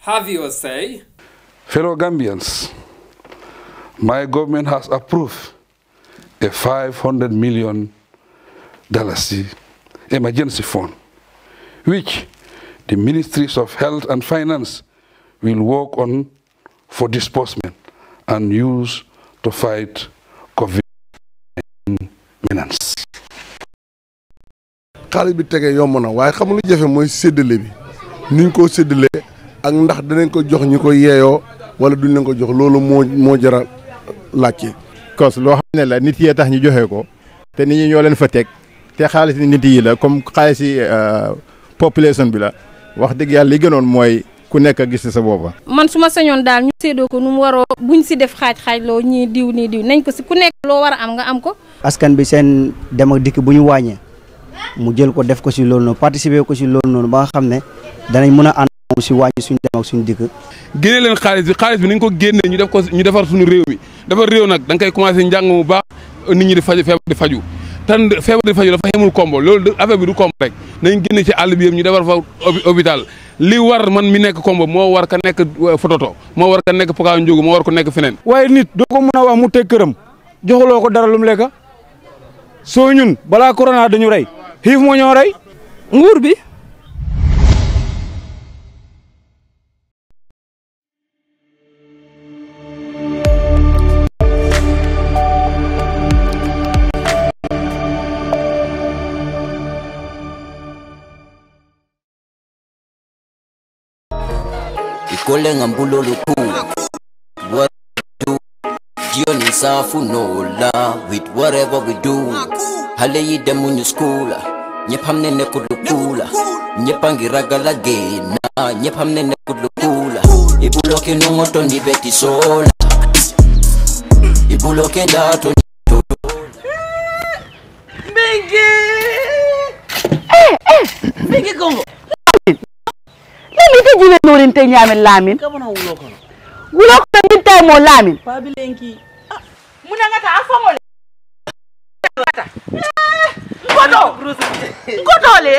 have your say. Fellow Gambians, my government has approved a $500 million emergency fund, which the Ministries of Health and Finance will work on for disbursement and use to fight COVID-19 menace. bi tege yomb na waaye jafe mooy séddale bi ni ko séddalee ak ndax dañ ko jox ñi yeyo wala duñ leen ko jox lolu mo mo jara lacc kos lo xamne la nit yee tax ñu joxe ko te nit ñi ñoo leen fa tek te xaalis nit yi la comme xaalisi euh, population bi la wax deug yalla li gënon moy ku nekk gis sa boppa man suma señon dal ñu sédo ko nu waro buñ si def xaj xaj lo ñi diw ni diw nañ ko ci ku nekk lo war am nga am ko. askan bi seen dem ak dik buñu wañe mu jël ko def ko si lool non participer ko si lool non ba nga ne bu si wàññi suñ dem ak suñ dikk génne leen xaalis bi xaalis bi nañ ko génne ñu def ko ñu defar suñu réew mi defar réew nag da nga koy commencé njàng mu baax nit ñi di faju tan feebar di faju dafa xemul kombo loolu affaire bi du kombo rek nañ génne ci àll bi ñu defar fa hôpital li war man mi nekk kombo moo war ka nekk fototo euh, moo war ka nekk pokaa njógu moo war ko nekk feneen waaye nit doo ko mën a wax mu teg joxuloo ko dara lu mu soo ñun balaa corona dañu rey xiif moo Nikole ngambulo lukhulu watu ni safu nola with whatever we do haleyide munyu skula nyephamnene kulukula nyepangiragala gena nyephamnene kulukula ibuloke nongoto nibetisola ibuloke dato Bingi! Eh, eh! Bingi Kongo! lami ka jiɓe ɗorinte ñamen laamin wulo ko min taymo laamin ah, munagata a famole eh, nkoto nkotole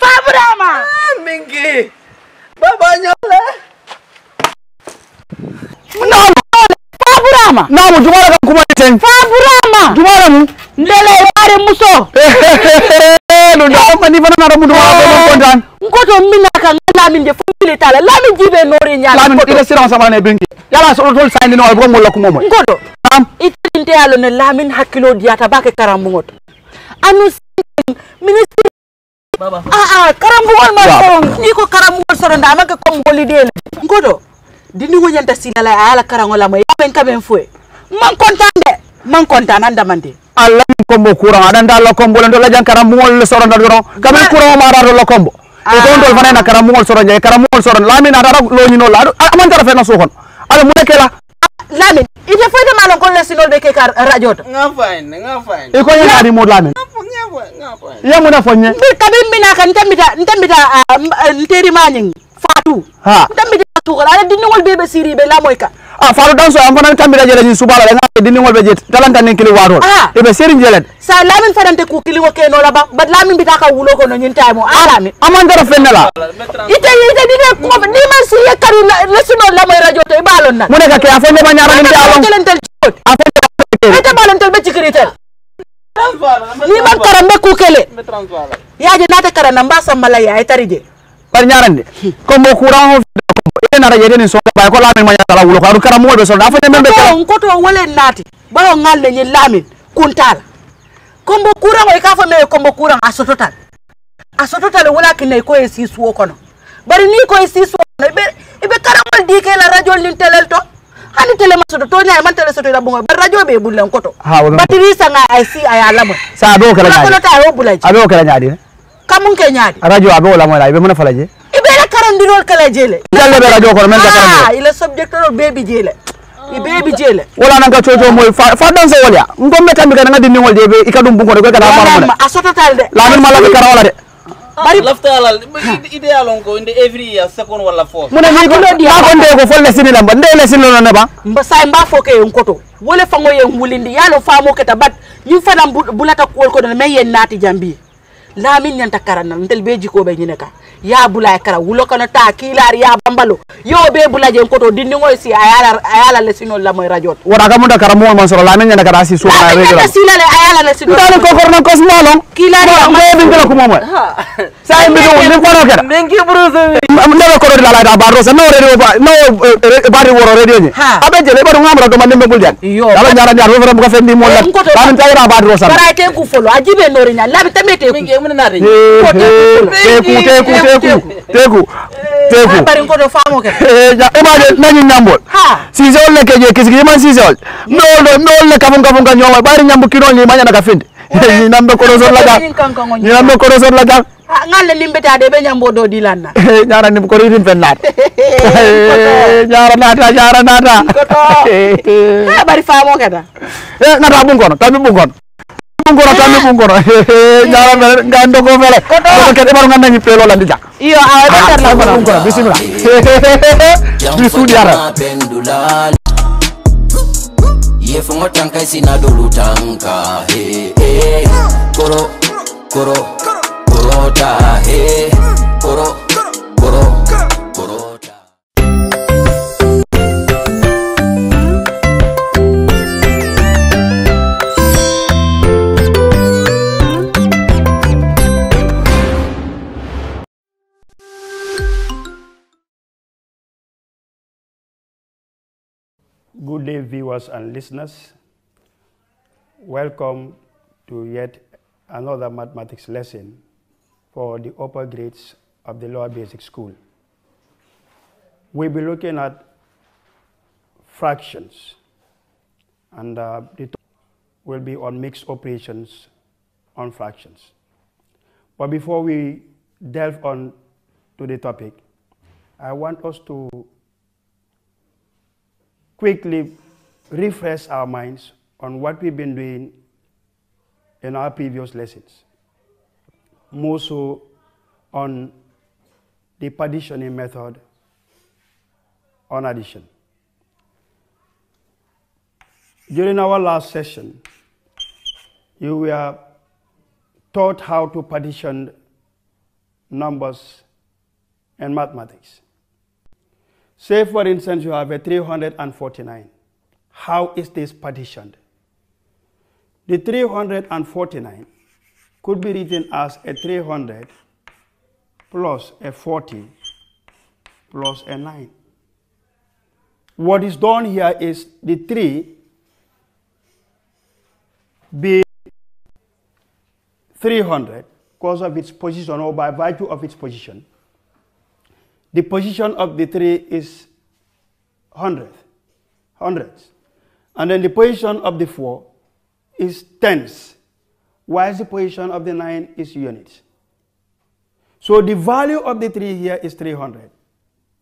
faburama ah, mingi babañole nono faburama namo jumara kam kumani ten faburama jumara mum ndele waare muso dama ni fana mara mudu wala non kontan lamin je fumile tala lamin jibe nori nyaala lamin ila yala so tol sayni no ko mo lakum am itinte yalo ne lamin hakilo diata bake karambu anu ministre baba ah ah karambu wal ma so ni ko karambu wal so nda amaka kom golide ngoto dindi wonyanta silala ala karangola mo yaben kaben fue man kontan de man kontanan damande alla kombo kurang, adan da la kombo lan ah. do la jankara mol le soron da do ma la kombo e don fane na kara mol soron je kara lamin ada lo ni no la ah, man tara fe na sokon ala mu nekela lamin ite fo de malon kon le sinol ke kar eh, radio to nga fine nga fine e ko yana ya. di mod lamin ya mu na fonye bi kabin mina kan tambita tambita nteri ah, eh, manyin fatu ha tambita tu ala ada wol be be siri be la moy ka ah faru danso am fana tambita jere ni subala E dindiŋol ɓe je talantanin kili warol iɓe e serin jelet sa lamin fadante ku kiliwo kenola ba bat lamin bita ka wulo kono a taymo ah, alami amantara fenne la ite ite dine kumof niman siye kadu lesunol lamoy radio to i ɓalon nan mune ka ke a fo ndema ñaraninte alontelentel a fo ete ɓalontel ɓe cikiritel niman karan ɓe kukele yaje nate karan na mba sammala ya e tari je bar ñarande comme o courant o nara yede ni songa bay ko lamin ma nyata la wulo ko kara mo be so da fa membe ko ko to wala nati balo ngalle ni lamin kuntal kombo kurang e ka fa me kombo kurang aso total aso total wala ko e sisu ko bari ni ko e sisu no be ibe karamol dike la radio lin telel to hani tele masoto to nyaa man tele soto la bongo bar radio be bulle koto batiri sanga ay si ay alamo sa do kala nyaadi sa do kala nyaadi kamun ke nyaadi radio abe wala mo la be mo na falaje ರಂದಿನೋಳ್ ಕಲೆ ಜೇಲೆ ಇದಲ್ಲೇ ಬೇಡ ಜೋಕೋಣ ಮೆಂತ ಕರೆ ಇಲ್ಲ subject ನೋಡ್ ಬೇಬಿ ಜೇಲೆ i bebi jele wala nanka coco moy fadan so wolya ngombe tambi kana ngadi ni wolde be ikadum bungo de ko kada ah, famo ne asoto tal de la min mala kara wala de bari lafta ala ideal on ko inde every year second wala fourth mun ni ko ma ko nde ko folle sinila mba nde le sinilo ne ba mba say mba foke en koto wala fango yen wulindi yalo famo keta bat ñu fanam bulata kol ko do me yen nati jambi na min nyanta karanna ntel beji jiko be nyine ka ya bula ya kara wulo ta kilar ya bambalo yo be bula je ko to dindi ngoy si ayala ayala le sinol la moy radiot wora ka munda karamo mon soro la min nyanta kara si so na rege la le ayala le sinol dal ko korno ko kilar ya ma be ngala ko mo sa en be do ni ko no kera nengi bruzo mi ndaba ko la la da barro sa no radio ba no eh, eh, bari woro radio ni abe je le ba ngamra do mande ngul jan yo dal nyara nyara ro ro ko fendi mo la tan tayra ba do sa bara te ku folo ajibe nori nya tamete ku mnenari teku teku teku teku teku bari ko do famo ke e ja e baade nani nyambol ha sisol ne keje kisigi man sisol no no no le kafon kafon ka nyoma bari nyambu kino ni manya naka finde ni namdo ko rozor laga ke da e nata bungono tambi bungono kungora tanni kungora ñaran mene ngando go fele ko ken ibaru nganda ni pelo landi jak iyo awa be lah. la bismillah bisu diara ye fungo sina he he koro koro he koro viewers and listeners. Welcome to yet another mathematics lesson for the upper grades of the lower basic school. We'll be looking at fractions, and uh, talk will be on mixed operations on fractions. But before we delve on to the topic, I want us to quickly refresh our minds on what we've been doing in our previous lessons, more so on the partitioning method on addition. During our last session, you were taught how to partition numbers and mathematics. Say, for instance, you have a 349. How is this partitioned? The 349 could be written as a 300 plus a 40 plus a 9. What is done here is the 3 be 300 because of its position or by virtue of its position. The position of the 3 is 100, hundredths. And then the position of the 4 is tens, whilst the position of the 9 is units. So the value of the 3 here is 300.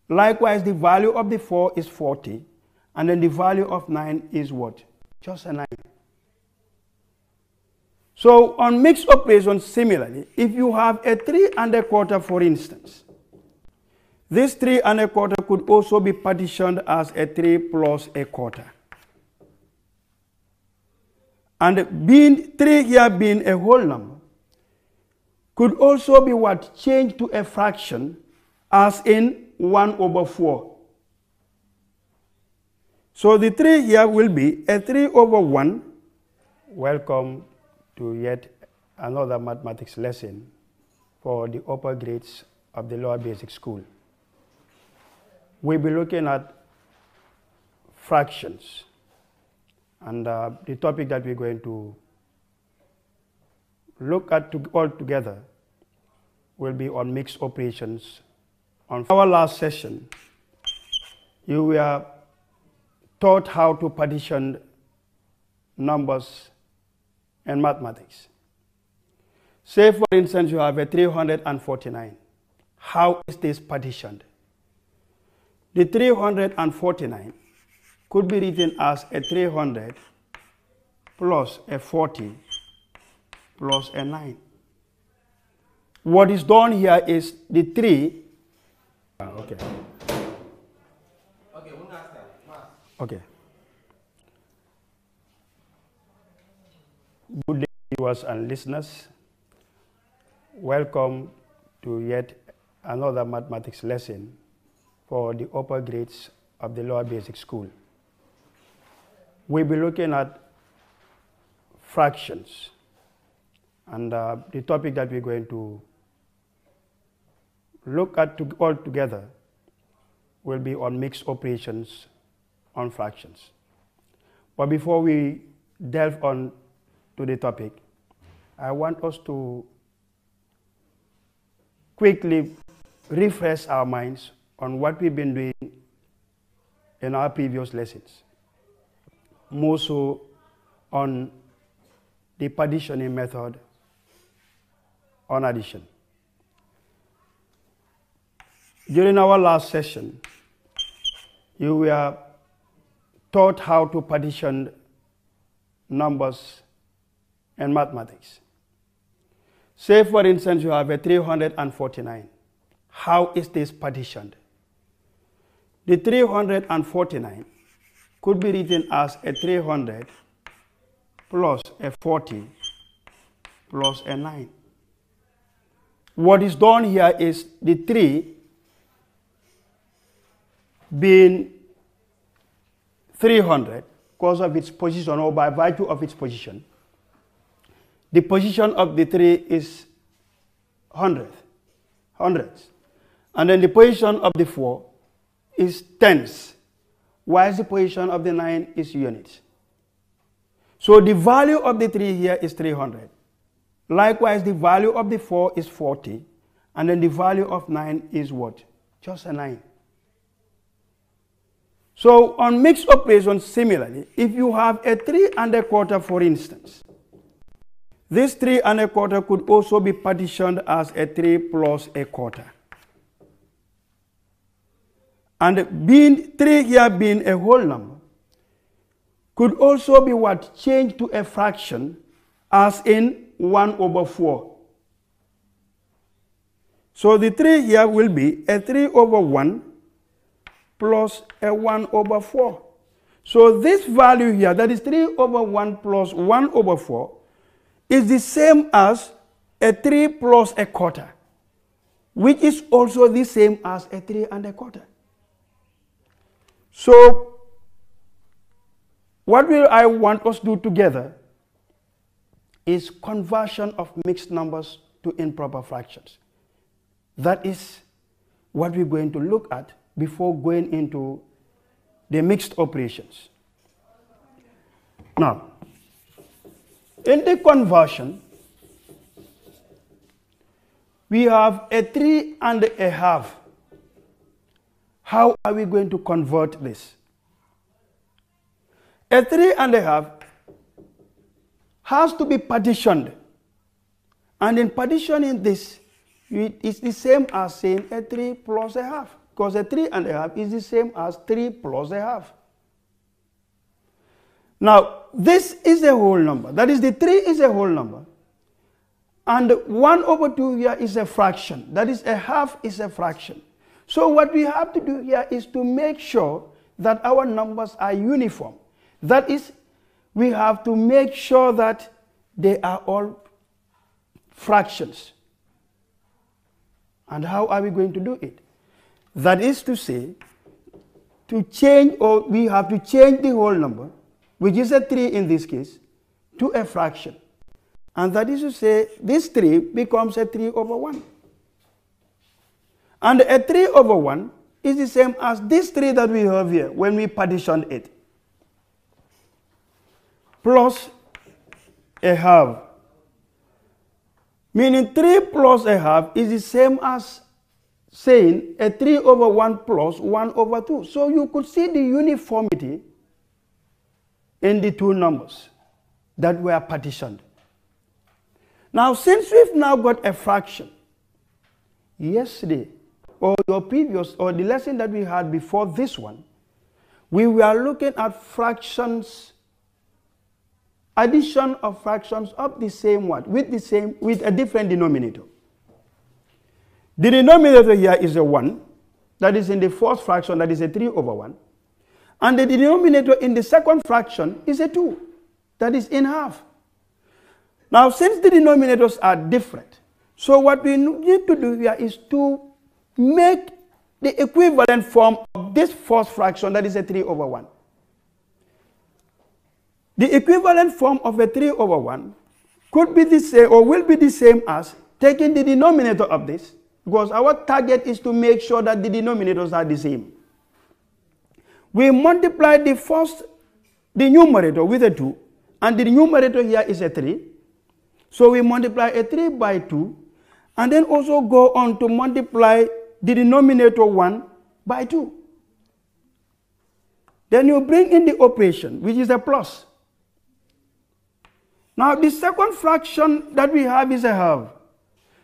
Likewise, the value of the 4 is 40. And then the value of 9 is what? Just a 9. So on mixed operations, similarly, if you have a 3 and a quarter, for instance, this 3 and a quarter could also be partitioned as a 3 plus a quarter. And being three here being a whole number could also be what changed to a fraction as in 1 over 4. So the 3 here will be a 3 over 1. Welcome to yet another mathematics lesson for the upper grades of the lower basic school. We'll be looking at fractions. And uh, the topic that we're going to look at to, all together will be on mixed operations. On our last session, you were taught how to partition numbers and mathematics. Say, for instance, you have a 349. How is this partitioned? The 349 could be written as a 300 plus a 40 plus a 9. What is done here is the 3. Ah, okay. Okay, one last time. Okay. Good day, viewers and listeners. Welcome to yet another mathematics lesson for the upper grades of the lower basic school we'll be looking at fractions. And uh, the topic that we're going to look at to, all together will be on mixed operations on fractions. But before we delve on to the topic, I want us to quickly refresh our minds on what we've been doing in our previous lessons more so on the partitioning method on addition. During our last session, you were taught how to partition numbers and mathematics. Say, for instance, you have a 349. How is this partitioned? The 349 could be written as a 300 plus a 40 plus a 9. What is done here is the 3 being 300 because of its position or by virtue of its position. The position of the 3 is 100, hundreds. And then the position of the 4 is tens whilst the position of the 9 is units. So the value of the 3 here is 300. Likewise, the value of the 4 is 40. And then the value of 9 is what? Just a 9. So on mixed operations, similarly, if you have a 3 and a quarter, for instance, this 3 and a quarter could also be partitioned as a 3 plus a quarter. And being three here being a whole number could also be what changed to a fraction as in 1 over 4. So the 3 here will be a 3 over 1 plus a 1 over 4. So this value here, that is 3 over 1 plus 1 over 4, is the same as a 3 plus a quarter, which is also the same as a 3 and a quarter. So, what will I want us to do together is conversion of mixed numbers to improper fractions. That is what we're going to look at before going into the mixed operations. Now, in the conversion, we have a three and a half how are we going to convert this? A three and a half has to be partitioned. And in partitioning this, it's the same as saying a three plus a half. Because a three and a half is the same as three plus a half. Now, this is a whole number. That is, the 3 is a whole number. And 1 over 2 here is a fraction. That is, a half is a fraction. So what we have to do here is to make sure that our numbers are uniform. That is, we have to make sure that they are all fractions. And how are we going to do it? That is to say, to change or we have to change the whole number, which is a 3 in this case, to a fraction. And that is to say, this 3 becomes a 3 over 1. And a 3 over 1 is the same as this 3 that we have here when we partitioned it. Plus a half. Meaning 3 plus a half is the same as saying a 3 over 1 plus 1 over 2. So you could see the uniformity in the two numbers that were partitioned. Now, since we've now got a fraction, yesterday or your previous or the lesson that we had before this one, we were looking at fractions, addition of fractions of the same one With the same, with a different denominator. The denominator here is a 1, that is in the first fraction, that is a 3 over 1. And the denominator in the second fraction is a 2, that is in half. Now, since the denominators are different, so what we need to do here is to make the equivalent form of this first fraction, that is a 3 over 1. The equivalent form of a 3 over 1 could be the same or will be the same as taking the denominator of this because our target is to make sure that the denominators are the same. We multiply the first, the numerator with a 2 and the numerator here is a 3. So we multiply a 3 by 2 and then also go on to multiply the denominator 1 by 2. Then you bring in the operation, which is a plus. Now, the second fraction that we have is a half.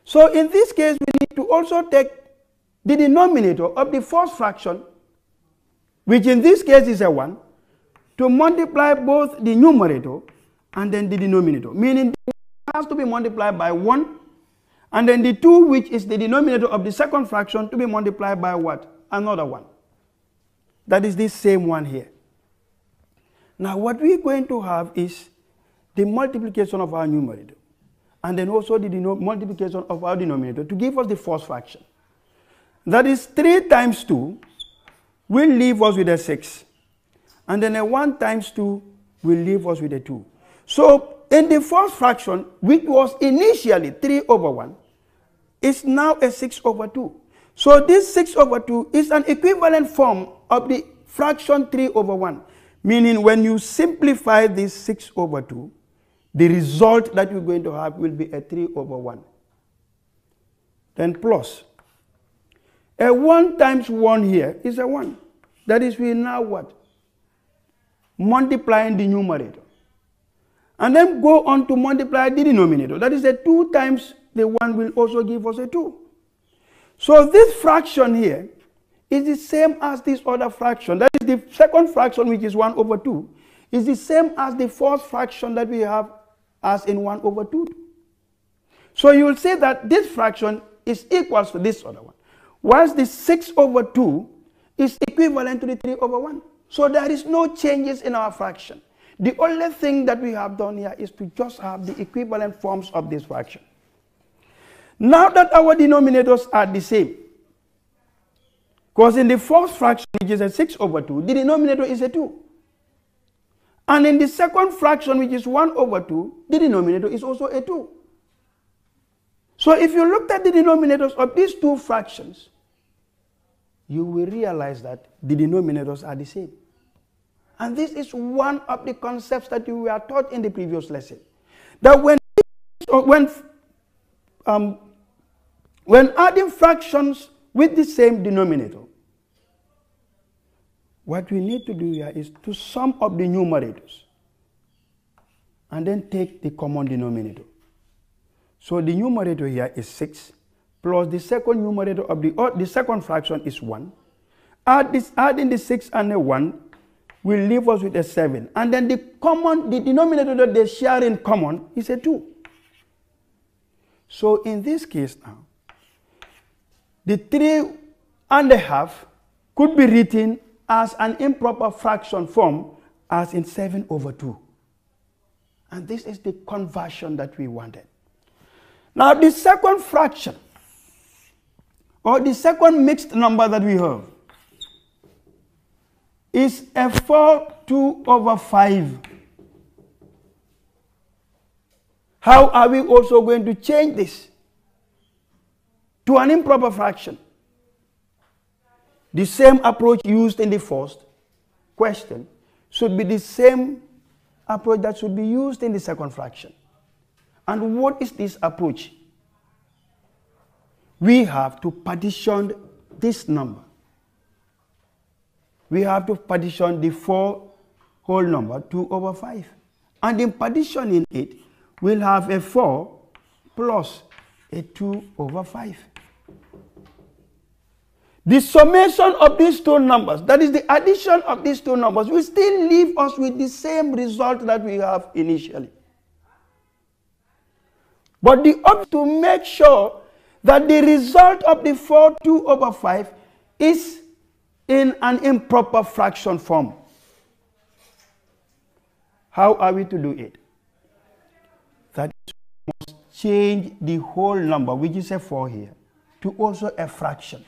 So in this case, we need to also take the denominator of the first fraction, which in this case is a 1, to multiply both the numerator and then the denominator, meaning it has to be multiplied by 1 and then the 2 which is the denominator of the second fraction to be multiplied by what? Another one. That is the same one here. Now what we're going to have is the multiplication of our numerator and then also the multiplication of our denominator to give us the first fraction. That is 3 times 2 will leave us with a 6. And then a 1 times 2 will leave us with a 2. So in the first fraction, which was initially 3 over 1, is now a 6 over 2. So this 6 over 2 is an equivalent form of the fraction 3 over 1, meaning when you simplify this 6 over 2, the result that you're going to have will be a 3 over 1. Then plus. A 1 times 1 here is a 1. That is, we now what? Multiplying the numerator and then go on to multiply the denominator. That is the 2 times the 1 will also give us a 2. So this fraction here is the same as this other fraction. That is the second fraction, which is 1 over 2, is the same as the fourth fraction that we have as in 1 over 2. So you will say that this fraction is equal to this other one. Whilst the 6 over 2 is equivalent to the 3 over 1. So there is no changes in our fraction. The only thing that we have done here is to just have the equivalent forms of this fraction. Now that our denominators are the same, because in the first fraction, which is a 6 over 2, the denominator is a 2. And in the second fraction, which is 1 over 2, the denominator is also a 2. So if you looked at the denominators of these two fractions, you will realize that the denominators are the same. And this is one of the concepts that you were taught in the previous lesson. That when, when, um, when adding fractions with the same denominator, what we need to do here is to sum up the numerators and then take the common denominator. So the numerator here is 6 plus the second numerator of the, the second fraction is 1. Add this, adding the 6 and the 1 will leave us with a seven. And then the common, the denominator that they share in common is a two. So in this case now, the three and a half could be written as an improper fraction form as in 7 over 2. And this is the conversion that we wanted. Now the second fraction or the second mixed number that we have is a 4 2 over 5. How are we also going to change this to an improper fraction? The same approach used in the first question should be the same approach that should be used in the second fraction. And what is this approach? We have to partition this number we have to partition the four whole number 2 over 5. And in partitioning it, we'll have a 4 plus a 2 over 5. The summation of these two numbers, that is the addition of these two numbers, will still leave us with the same result that we have initially. But the up to make sure that the result of the 4 2 over 5 is in an improper fraction form. How are we to do it? That is, must change the whole number, which is a 4 here, to also a fraction.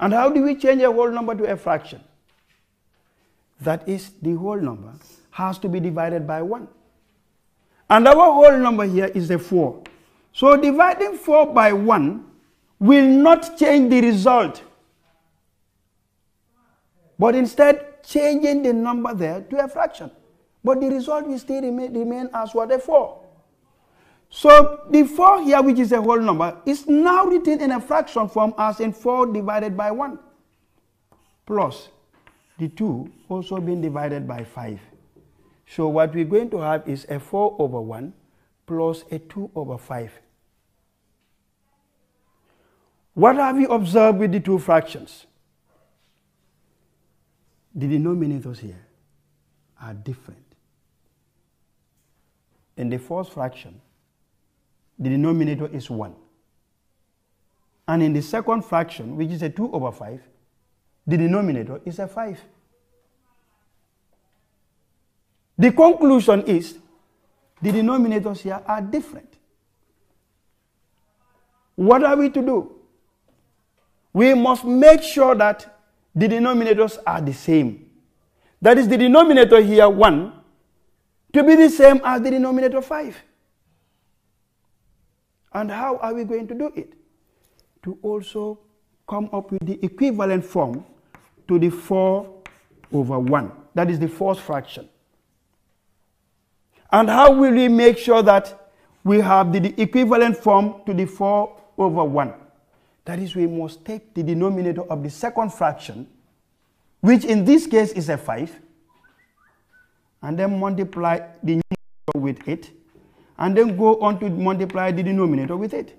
And how do we change a whole number to a fraction? That is, the whole number has to be divided by 1. And our whole number here is a 4. So dividing 4 by 1 will not change the result. But instead, changing the number there to a fraction. But the result will still remain, remain as what a 4. So the 4 here, which is a whole number, is now written in a fraction form as in 4 divided by 1 plus the 2 also being divided by 5. So what we're going to have is a 4 over 1 plus a 2 over 5 what have we observed with the two fractions? The denominators here are different. In the first fraction, the denominator is 1. And in the second fraction, which is a 2 over 5, the denominator is a 5. The conclusion is the denominators here are different. What are we to do? we must make sure that the denominators are the same. That is the denominator here, 1, to be the same as the denominator 5. And how are we going to do it? To also come up with the equivalent form to the 4 over 1. That is the fourth fraction. And how will we make sure that we have the, equivalent form to the 4 over 1? That is, we must take the denominator of the second fraction, which in this case is a 5, and then multiply the numerator with it, and then go on to multiply the denominator with it.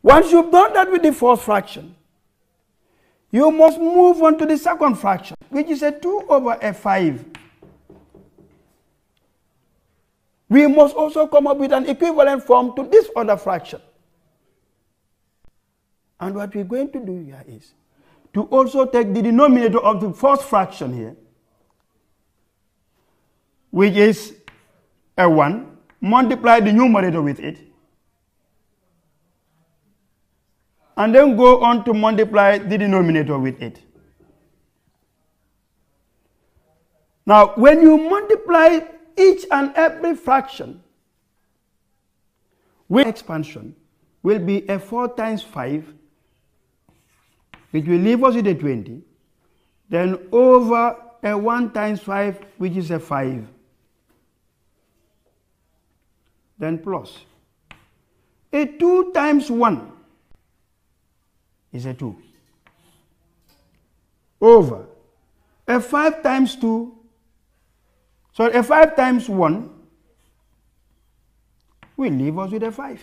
Once you've done that with the first fraction, you must move on to the second fraction, which is a 2 over a 5 we must also come up with an equivalent form to this other fraction. And what we're going to do here is to also take the denominator of the first fraction here, which is a 1, multiply the numerator with it, and then go on to multiply the denominator with it. Now, when you multiply each and every fraction with expansion will be a 4 times 5, which will leave us with a 20, then over a 1 times 5, which is a 5, then plus. A 2 times 1 is a 2, over a 5 times 2 so a 5 times 1 will leave us with a 5.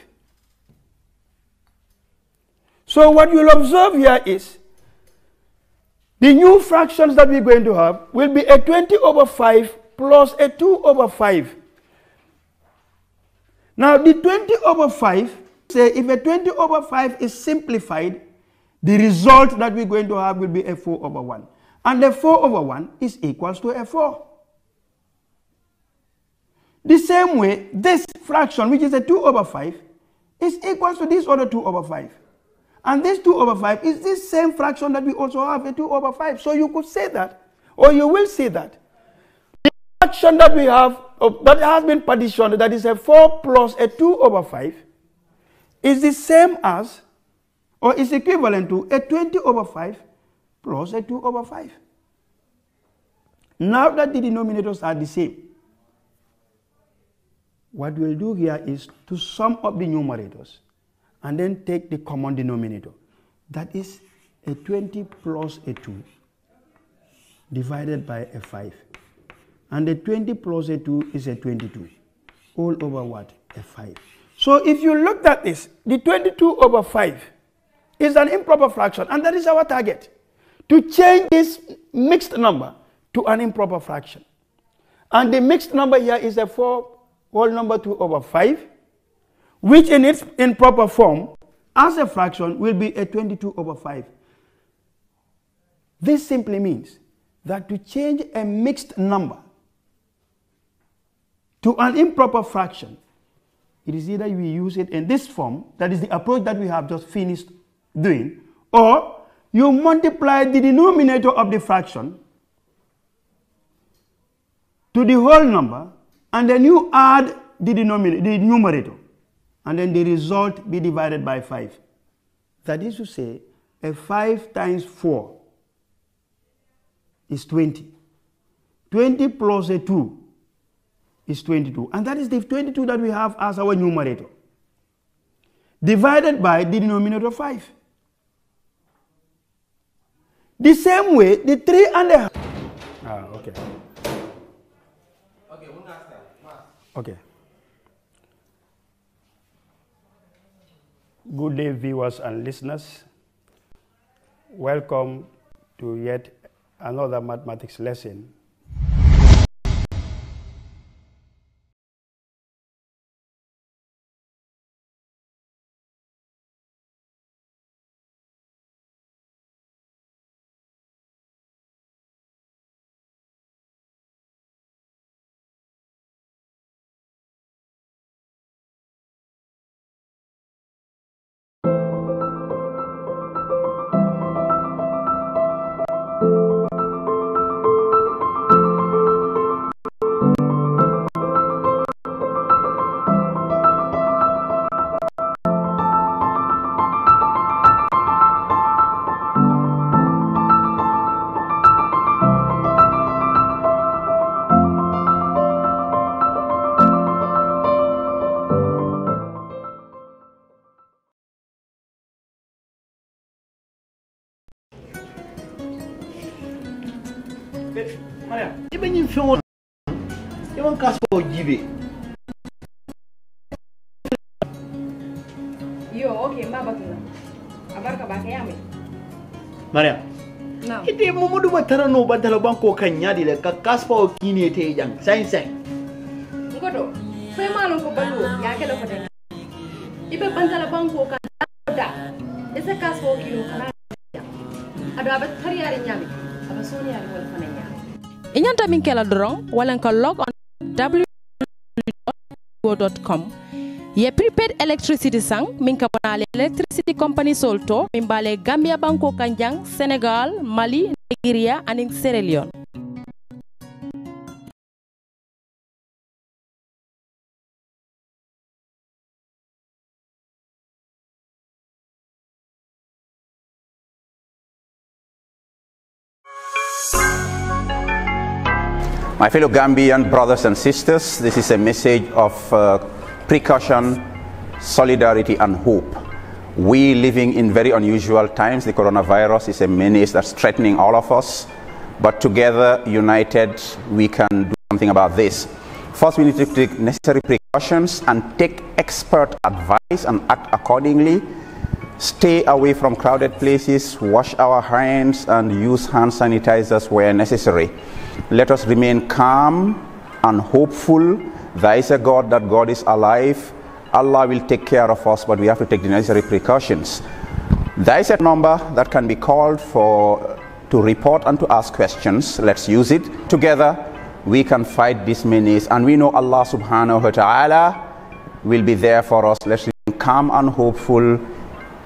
So what you'll observe here is the new fractions that we're going to have will be a 20 over 5 plus a 2 over 5. Now the 20 over 5, say if a 20 over 5 is simplified, the result that we're going to have will be a 4 over 1. And a 4 over 1 is equals to a 4. The same way, this fraction, which is a 2 over 5, is equal to this other 2 over 5. And this 2 over 5 is this same fraction that we also have, a 2 over 5. So you could say that, or you will say that. The fraction that we have, that has been partitioned, that is a 4 plus a 2 over 5, is the same as, or is equivalent to, a 20 over 5 plus a 2 over 5. Now that the denominators are the same, what we'll do here is to sum up the numerators and then take the common denominator. That is a 20 plus a 2 divided by a 5. And the 20 plus a 2 is a 22 all over what? A 5. So if you look at this, the 22 over 5 is an improper fraction and that is our target. To change this mixed number to an improper fraction. And the mixed number here is a 4 whole number 2 over 5, which in its improper form, as a fraction, will be a 22 over 5. This simply means that to change a mixed number to an improper fraction, it is either we use it in this form, that is the approach that we have just finished doing, or you multiply the denominator of the fraction to the whole number and then you add the denominator, the numerator, and then the result be divided by 5. That is to say, a 5 times 4 is 20. 20 plus a 2 is 22. And that is the 22 that we have as our numerator. Divided by the denominator of 5. The same way, the 3 and the... Ah, okay. Okay. Good day, viewers and listeners. Welcome to yet another mathematics lesson Kaspo Jibe. Yo, okay, mbaba tuna. Abarka baka yame. Maria. Naam. Ite Muhammadu Batara no Batara banko kan yadi da ka Kaspo kine te jan. Sai sai. Ngodo. Sai malon ko ballo ya kala ko da. Ibe Batara banko kan da. Isa Kaspo kino kana. Ado abat tari yari nyami. Aba soni yari wal kana Inyanta min kela dorong walan ka log on www.go.com ye prepaid electricity sang min ka electricity company solto min bale gambia banko kanjang senegal mali nigeria aning sierra leone My fellow Gambian brothers and sisters, this is a message of uh, precaution, solidarity, and hope. We living in very unusual times. The coronavirus is a menace that's threatening all of us. But together, united, we can do something about this. First, we need to take necessary precautions and take expert advice and act accordingly. Stay away from crowded places, wash our hands, and use hand sanitizers where necessary. Let us remain calm and hopeful. There is a God, that God is alive. Allah will take care of us, but we have to take the necessary precautions. There is a number that can be called for to report and to ask questions. Let's use it. Together, we can fight this menace. And we know Allah subhanahu wa ta'ala will be there for us. Let's remain calm and hopeful.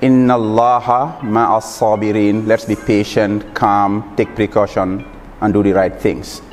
Inna Allaha ma'as sabirin. Let's be patient, calm, take precaution and do the right things.